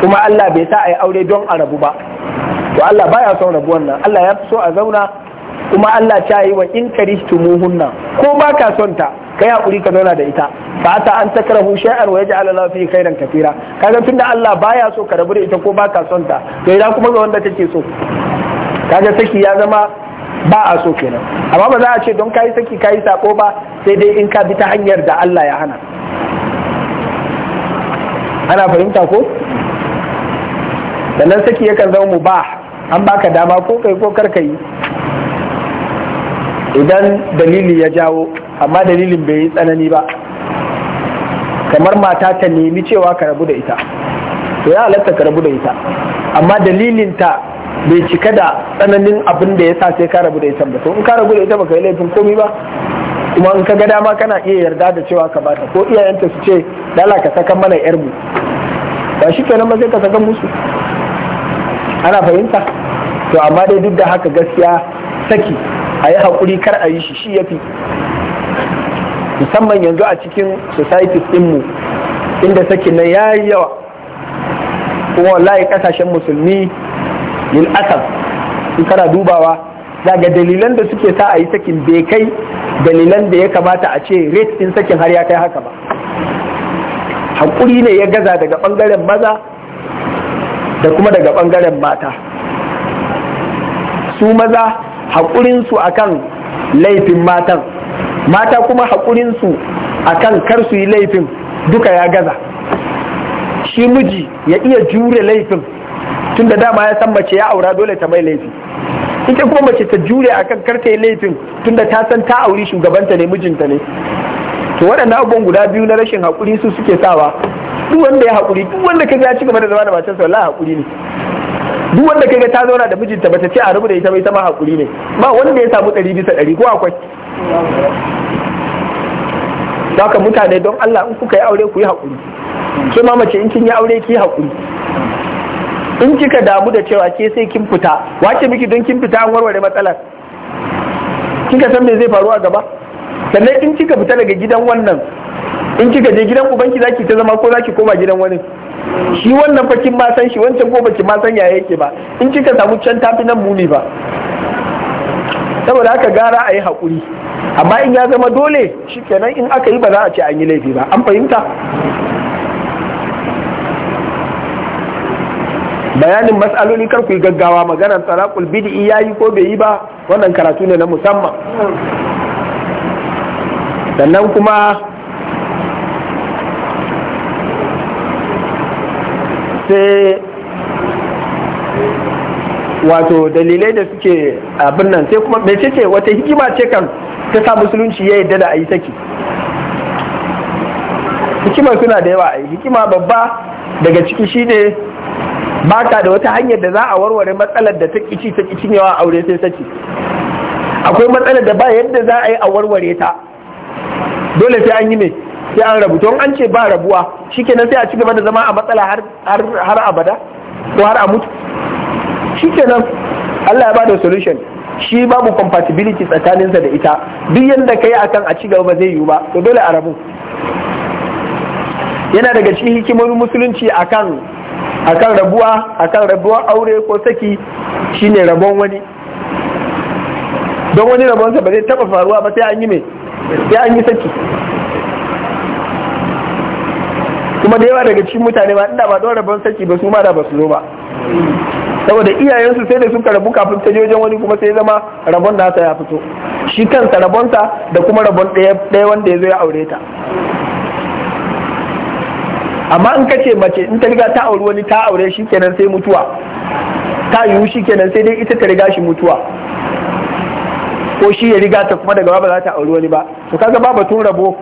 kuma Allah bai sa ai aure don a rabu ba to Allah baya son rabu nan Allah ya so a zauna kuma Allah ta yi wa in karihtumuhunna ko ba ka son ta kai hakuri ka zauna da ita fa ta an takrahu shay'an wa yaj'al Allah fi khairan katira kaga tunda Allah baya so ka rabu da ita ko ba ka son ta to idan kuma ga wanda take so kaga saki ya zama ba a so kenan amma ba za a ce don kai saki kai sako ba sai dai in ka bi ta hanyar da Allah ya hana ana fahimta ko sannan saki yakan zama mu ba, an baka dama ko kai ko kar yi idan dalili ya jawo amma dalilin bai yi tsanani ba kamar mata ta nemi cewa ka rabu da ita to ya halatta ka rabu da ita amma dalilin ta bai cika da tsananin abin da ya sa sai ka rabu da ita ba to in ka rabu da ita baka yi laifin komi ba kuma in ka ga dama kana iya yarda da cewa ka bata ko iyayenta su ce dala ka saka mana yar mu ba shi kenan ba sai ka saka musu ana fahimta to amma dai duk da haka gaskiya saki a yi haƙuri kar a yi shi shi ya fi musamman yanzu a cikin societies mu inda sakin nan ya yi yawa kuma wallahi ƙasashen musulmi lil'asar in kana dubawa daga dalilan da suke sa a yi sakin bai kai dalilan da ya kamata a ce rate din sakin har ya kai haka ba hakuri ne ya gaza daga bangaren maza da kuma daga bangaren mata su maza haƙurinsu akan laifin matan mata kuma haƙurinsu akan kar su yi laifin duka ya gaza shi miji ya iya jure laifin tunda dama ya san mace ya aura dole ta mai laifi ita kuma mace ta jure a kan karta laifin tunda ta san ta auri shugabanta ne mijinta ne to waɗannan abubuwan guda biyu na rashin haƙuri su suke sawa duk wanda ya haƙuri duk wanda ka ya ci gaba da zama da matarsa wallahi haƙuri ne duk wanda ka ga ta zauna da mijinta bata ce a rubuta ita bai ta ma haƙuri ne ba wanda ya samu ɗari bisa ɗari ko akwai haka mutane don Allah in kuka yi aure ku yi haƙuri ke ma mace in kin yi aure ki yi haƙuri in kika damu da cewa ke sai kin fita wace miki don kin fita an warware matsalar kika san me zai faru a gaba sannan in kika fita daga gidan wannan in kika je gidan ubanki zaki ta zama ko zaki koma gidan wani shi wannan fa kin ma san shi wancan ko baki ma san yaya yake ba in kika samu can tafi nan muni ba saboda haka gara a yi haƙuri amma in ya zama dole shi kenan in aka yi ba za a ce an yi laifi ba an fahimta bayanin matsaloli kar ku yi gaggawa maganar talaqul bid'i yayi ko bai yi ba wannan karatu ne na musamman sannan kuma sai wato dalilai da suke abin nan sai kuma mece ce wata hikima ce kan ta sa musulunci ya yadda da a yi saki hikimar suna da yawa a hikima babba daga ciki shine baka da wata hanyar da za a warware matsalar da ta kici ta kici yawa aure sai sace. akwai matsalar da ba yadda za a yi a warware ta dole sai an yi ne sai an rabu to an ce ba rabuwa shikenan sai a ci gaba da zama a matsala har abada ko har a mutu shikenan Allah ya bada solution shi babu compatibility tsakaninsa da ita duk yadda ka yi akan a ci gaba ba zai yiwu ba to dole a rabu yana daga cikin hikimomin musulunci akan akan rabuwa akan rabuwa aure ko saki shine rabon wani don wani rabonsa ba zai taba faruwa ba sai an yi mai sai an yi saki kuma da yawa daga cikin mutane ba inda ba don rabon saki ba su ma da ba su zo ba saboda iyayensu sai da suka rabu kafin ta wajen wani kuma sai zama rabon nasa ya fito shi kansa rabonsa da kuma rabon ɗaya wanda ya zo ya aure ta amma in kace mace in ta riga ta auri wani ta aure shi kenan sai mutuwa ta yiwu shi kenan sai dai ita ta riga shi mutuwa ko shi ya riga ta kuma daga ba za ta auri wani ba to kaga ba batun rabo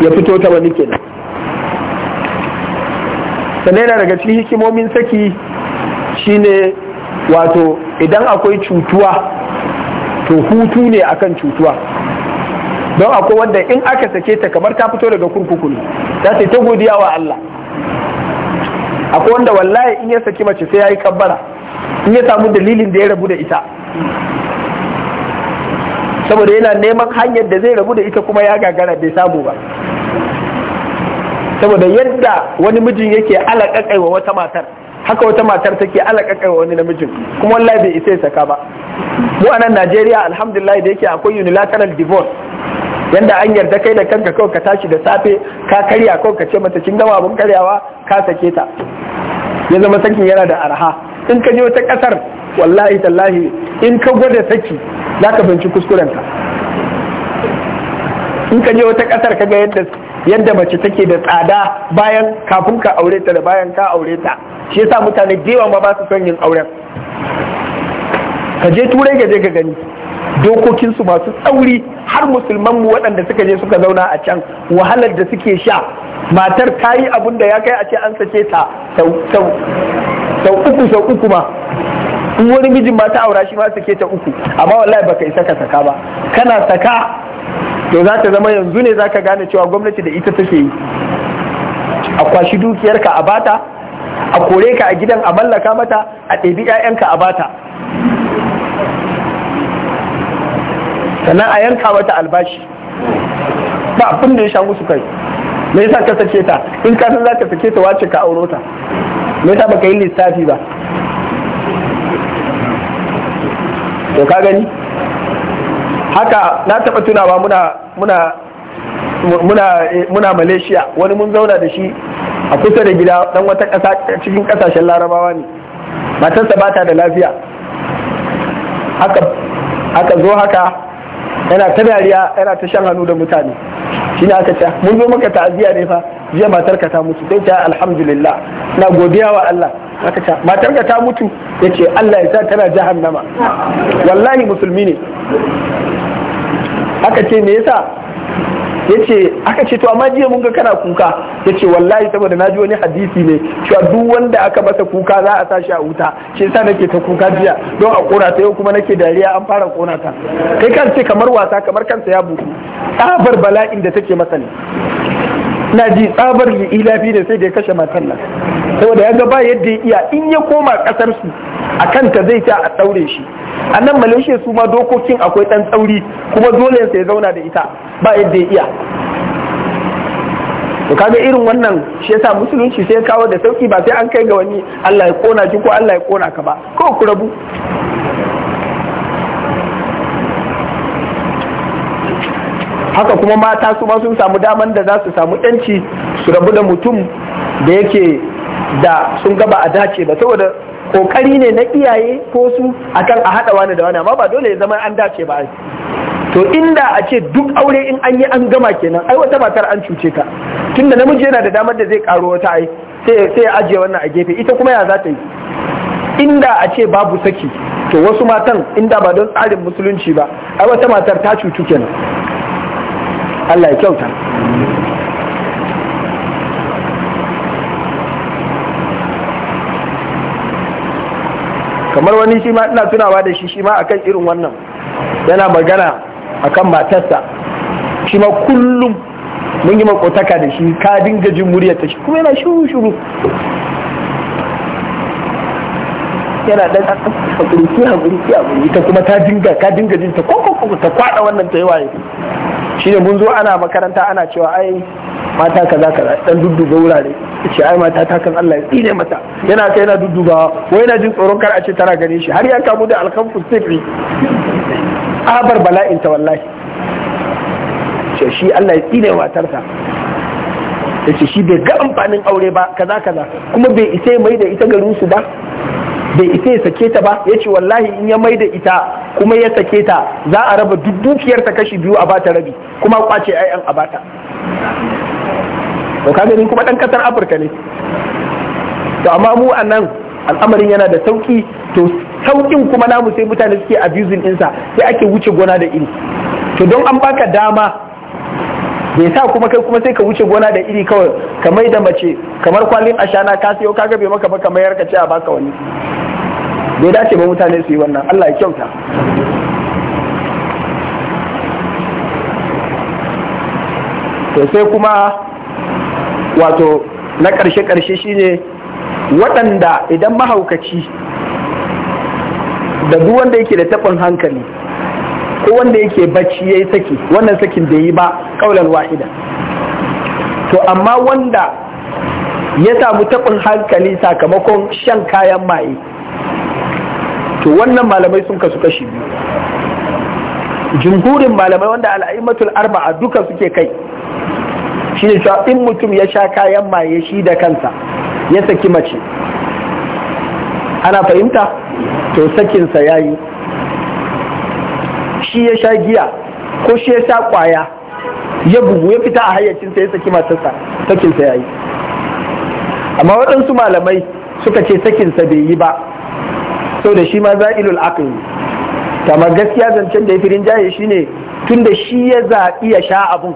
ya fito ta wani kenan sannan yana daga cikin hikimomin saki shine wato idan akwai cutuwa to hutu ne akan cutuwa don akwai wanda in aka sake ta kamar ta fito daga kurkuku ne za ta ta godiya wa Allah akwai wanda wallahi in ya saki mace sai ya yi kabbara in ya samu dalilin da ya rabu da ita saboda yana neman hanyar da zai rabu da ita kuma ya gagara bai samu ba saboda yadda wani mijin yake alaƙaƙai wata matar haka wata matar take alaƙaƙai wani namijin kuma wallahi bai isa ya saka ba mu a nan Najeriya alhamdulillah da yake akwai unilateral divorce yanda an yarda kai da kanka kawai ka tashi da safe ka karya kawai ka ce mata kin gama abun karyawa ka sake ta ya zama sakin yana da arha in ka je wata kasar wallahi tallahi in ka gwada saki za ka binci kuskurenta in ka je wata kasar ka ga yadda mace take da tsada bayan kafin ka aure ta da bayan ka aure ta shi yasa mutane da yawa ma ba su son yin auren ka je turai ga je ka gani dokokinsu masu tsauri har musulman mu waɗanda suka je suka zauna a can wahalar da suke sha matar ta yi abin da ya kai a ce an sace ta sau uku sau uku ma in wani mijin ma ta aura shi ma sake ta uku amma wallahi baka isa ka saka ba kana saka to za ta zama yanzu ne za ka gane cewa gwamnati da ita take yi a kwashi dukiyarka a bata a kore ka a gidan a mallaka mata a ɗebi 'ya'yanka a bata sannan a yanka mata albashi ba abin da ya sha musu kai me yasa ka sake ta in ka za ka sake ta wace ka auro ta me yasa baka yi lissafi ba to ka gani haka na taɓa tunawa muna muna muna eh, malaysia wani mun zauna da shi a kusa da gida dan wata ƙasa cikin ƙasashen larabawa ne matarsa ba ta da lafiya haka zo haka yana ta dariya yana ta shan hannu da mutane shi ne aka ce mun zo maka ta'aziyya ne fa jiya matar ka ta mutu sai ta alhamdulillah na godiya wa Allah aka ce matar ka ta mutu yace Allah ya sa tana jahannama wallahi musulmi ne aka ce me yasa yace aka ce to amma jiya mun ga kana kuka yace wallahi saboda na ji wani hadisi ne cewa duk wanda aka masa kuka za a sa shi a wuta shi yasa nake ta kuka jiya don a kona ta yau kuma nake dariya an fara kona ta kai kan ce kamar wasa kamar kansa ya buku tsabar bala'in da take masa ne na ji tsabar ilafi da sai da ya kashe matan nan saboda ya ga ba yadda ya iya in ya koma kasar su a kanta zai ta a daure shi a nan malaysia su ma dokokin akwai dan tsauri kuma dole sai ya zauna da ita ba yadda ya iya to kaga irin wannan shi yasa musulunci sai ya kawo da sauki ba sai an kai ga wani Allah ya kona ki ko Allah ya kona ka ba ko ku rabu haka kuma mata su ma sun samu daman da za su samu yanci su rabu da mutum da yake da sun gaba a dace ba saboda kokari ne na iyaye ko su akan a haɗa wani da wani amma ba dole ya zama an dace ba to inda a ce duk aure in an yi an gama kenan ai wata matar an cuce ta tunda namiji yana da damar da zai karo wata ai sai ya ajiye wannan a gefe ita kuma ya za ta yi inda a ce babu saki to wasu matan inda ba don tsarin musulunci ba ai wata matar ta cutu kenan Allah ya kyauta kamar wani shi ma ina tunawa da shi shi ma akan irin wannan yana magana akan matarsa shi ma kullum mun yi makotaka da shi ka dinga jin muryarta shi kuma yana shuru shuru yana dan hakuri ki hakuri ki hakuri ita kuma ta dinga ka dinga jin ta kokoko ta kwada wannan ta yi waye. shi ne mun zo ana makaranta ana cewa ai mata kaza kaza dan dudduba wurare ce ai mata ta kan Allah ya tsine mata yana kai yana dudduba wai yana jin tsoron kar a ce tana gane shi har ya kamu da alkamfu sifi abar bala'in ta wallahi ce shi Allah ya tsine matarsa yace shi bai ga amfanin aure ba kaza kaza kuma bai isa mai da ita garin su ba bai ita ya sake ta ba ya ce wallahi in ya mai da ita kuma ya sake ta za a raba duk dukiyar ta kashi biyu a bata rabi kuma kwace 'ya'yan a bata to kaga ni kuma dan kasar afirka ne to amma mu a al'amarin yana da sauki to saukin kuma namu sai mutane suke abusing insa sai ake wuce gona da iri to don an baka dama bai sa kuma kai kuma sai ka wuce gona da iri kawai ka mai da mace kamar kwalin ashana ka siyo ka gabe maka ba kamar yarka ce a baka wani bai dace ba mutane su yi wannan Allah ya kyauta to sai kuma wato na karshe ƙarshe shine waɗanda idan mahaukaci da duk wanda yake da taɓin hankali ko wanda yake bacci ya yi saki wannan sakin bai yi ba kaulan wahida to amma wanda ya samu taɓin hankali sakamakon shan kayan maye to wannan malamai sun kasu kashi biyu jumhurin malamai wanda al'aimatul arba'a duka suke kai shi ne cewa in mutum ya sha kayan maye shi da kansa ya saki mace ana fahimta to sakinsa ya yi shi ya sha giya ko shi ya sha kwaya ya bugu ya fita a hayyacinsa ya saki matarsa sakinsa ya yi amma waɗansu malamai suka ce sakinsa bai yi ba sau da shi ma za'ilul aqli amma gaskiya zancen da ya firin jaye shine tun da shi ya zaɓi ya sha abun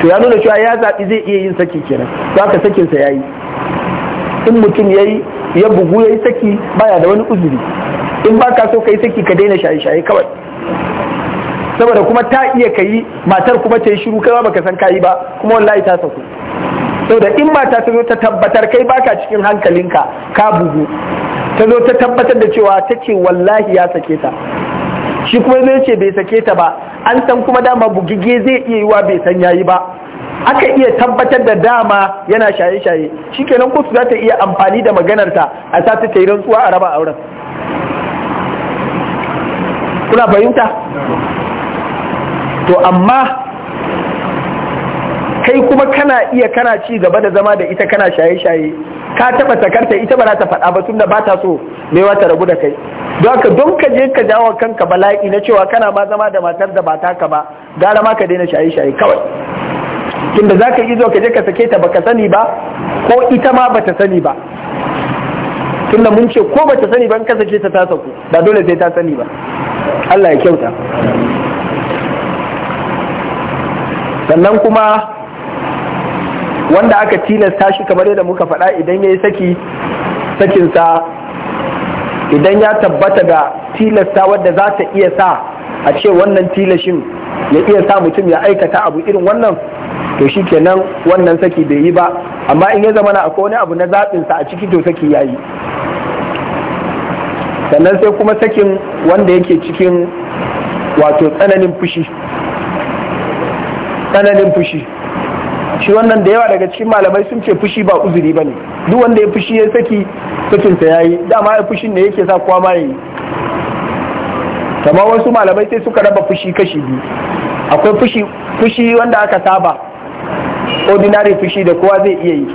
to ya nuna cewa ya zaɓi zai iya yin saki kenan za ka sakinsa ya yi in mutum ya yi ya bugu ya yi saki baya da wani uzuri in ba ka so ka saki ka daina shaye-shaye kawai saboda kuma ta iya ka yi, matar kuma ta yi shiru kai ba baka san kayi ba kuma wallahi ta saku saboda in mata ta zo ta tabbatar kai baka cikin hankalinka ka bugu ta zo ta tabbatar da cewa ta ce wallahi ya sake ta shi kuma zai ce bai sake ta ba an san kuma dama bugige zai iya yiwa bai san yayi ba aka iya tabbatar da dama yana shaye-shaye shi kenan kotu za ta iya amfani da maganar ta a sa ta yi rantsuwa a raba auren kuna fahimta to amma kai kuma kana iya kana ci gaba da zama da ita kana shaye-shaye ka taba takarta ita ba za ta faɗa ba tunda ba ta so mai ta rabu da kai don ka don ka je ka jawo kanka bala'i na cewa kana ma zama da matar da ba taka ba gara ma ka daina shaye-shaye kawai tunda za ka zo ka je ka sake ta ba ka sani ba ko ita ma ba ta sani ba tunda mun ce ko ba ta sani ba in ka sake ta ta saku ba dole sai ta sani ba Allah ya kyauta sannan kuma wanda aka tilasta shi kamar yadda muka faɗa idan ya yi saki sakinsa idan ya tabbata da tilasta wadda za ta iya sa a ce wannan tilashin ya iya sa mutum ya aikata abu irin wannan to shi kenan wannan saki bai yi ba amma in ya zama na akwai wani abu na zaɓinsa a ciki to saki ya yi sannan sai kuma sakin wanda yake cikin wato tsananin fushi tsananin fushi shi wannan da yawa daga cikin malamai sun ce fushi ba uzuri ba ne duk wanda ya fushi ya saki sakinsa ya yi dama ya fushin da yake sa kowa ma yi kamar wasu malamai sai suka raba fushi kashi biyu akwai fushi wanda aka saba ordinary fushi da kowa zai iya yi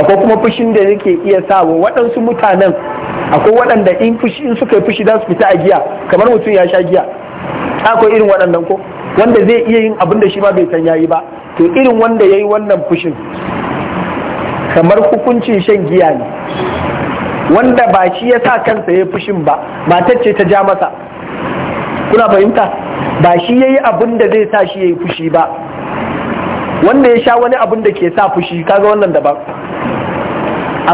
akwai kuma fushin da yake iya sabo waɗansu mutanen akwai waɗanda in suka yi fushi za su fita a giya kamar mutum ya sha giya akwai irin waɗannan ko wanda zai iya yin abin da shi ma bai san yayi ba to irin wanda yayi wannan fushin kamar hukuncin shan giya ne wanda ba shi ya sa kansa ya fushin ba matar ce ta ja masa kuna fahimta ba shi ya yi abin da zai sa shi ya yi fushi ba wanda ya sha wani abin da ke sa fushi kaga wannan daban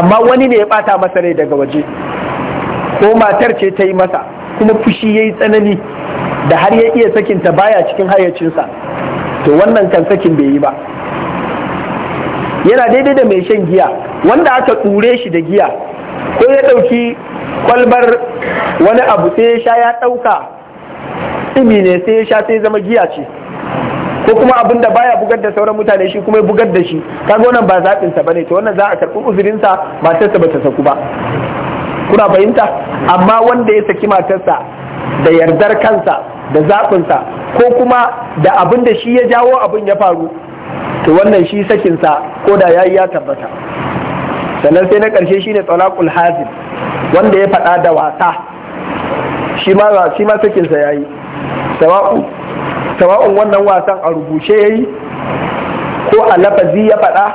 amma wani ne ya bata masa rai daga waje ko matar ce ta yi masa kuma fushi ya yi tsanani da har ya iya sakin ta baya cikin hayyacinsa to wannan kan sakin bai yi ba yana daidai da mai shan giya wanda aka tsure shi da giya ko ya ɗauki kwalbar wani abu sai ya sha ya ɗauka tsimi ne sai ya sha sai zama giya ce ko kuma abin da baya bugar da sauran mutane shi kuma ya bugar da shi kaga wannan ba zaɓinsa ba ne to wannan za a karɓi uzurinsa matarsa ba ta saku ba kuna fahimta amma wanda ya saki matarsa da yardar kansa da zafinsa ko kuma da abin da shi ya jawo abin ya faru to wannan shi sakinsa ko da ya yi ya tabbata sannan sai na ƙarshe shi ne talaqul hazin wanda ya faɗa da wasa shi ma sakinsa ya yi. sawa'un wannan wasan a rubuce ya yi, ko a lafazi ya faɗa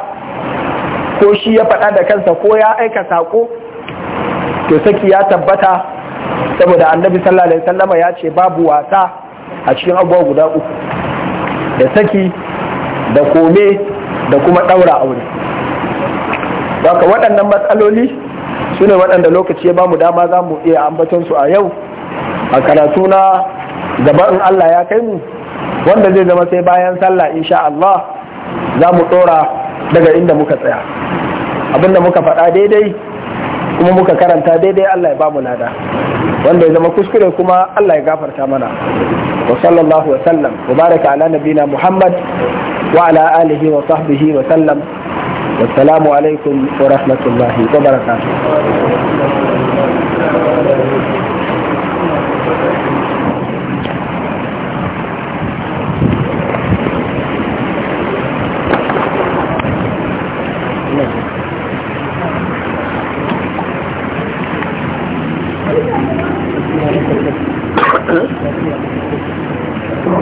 ko shi ya faɗa da kansa ko ya aika saƙo, to saki ya tabbata saboda annabi sallallahu alaihi wasallama ya ce babu wasa a cikin abubuwa guda uku da saki da kome da kuma ɗaura aure baka waɗannan matsaloli su ne waɗanda lokaci ya mu dama za mu iya ambaton a yau a karatu na gaba in Allah ya kai mu wanda zai zama sai bayan sallah insha Allah za mu ɗora daga inda muka tsaya abinda muka faɗa daidai kuma muka karanta daidai Allah ya ba bamu lada wanda ya zama kuskure kuma Allah ya gafarta mana wa sallallahu wa sallam wa baraka ala nabina Muhammad wa ala alihi wa sahbihi wa sallam wassalamu alaikum wa rahmatullahi wa barakatuh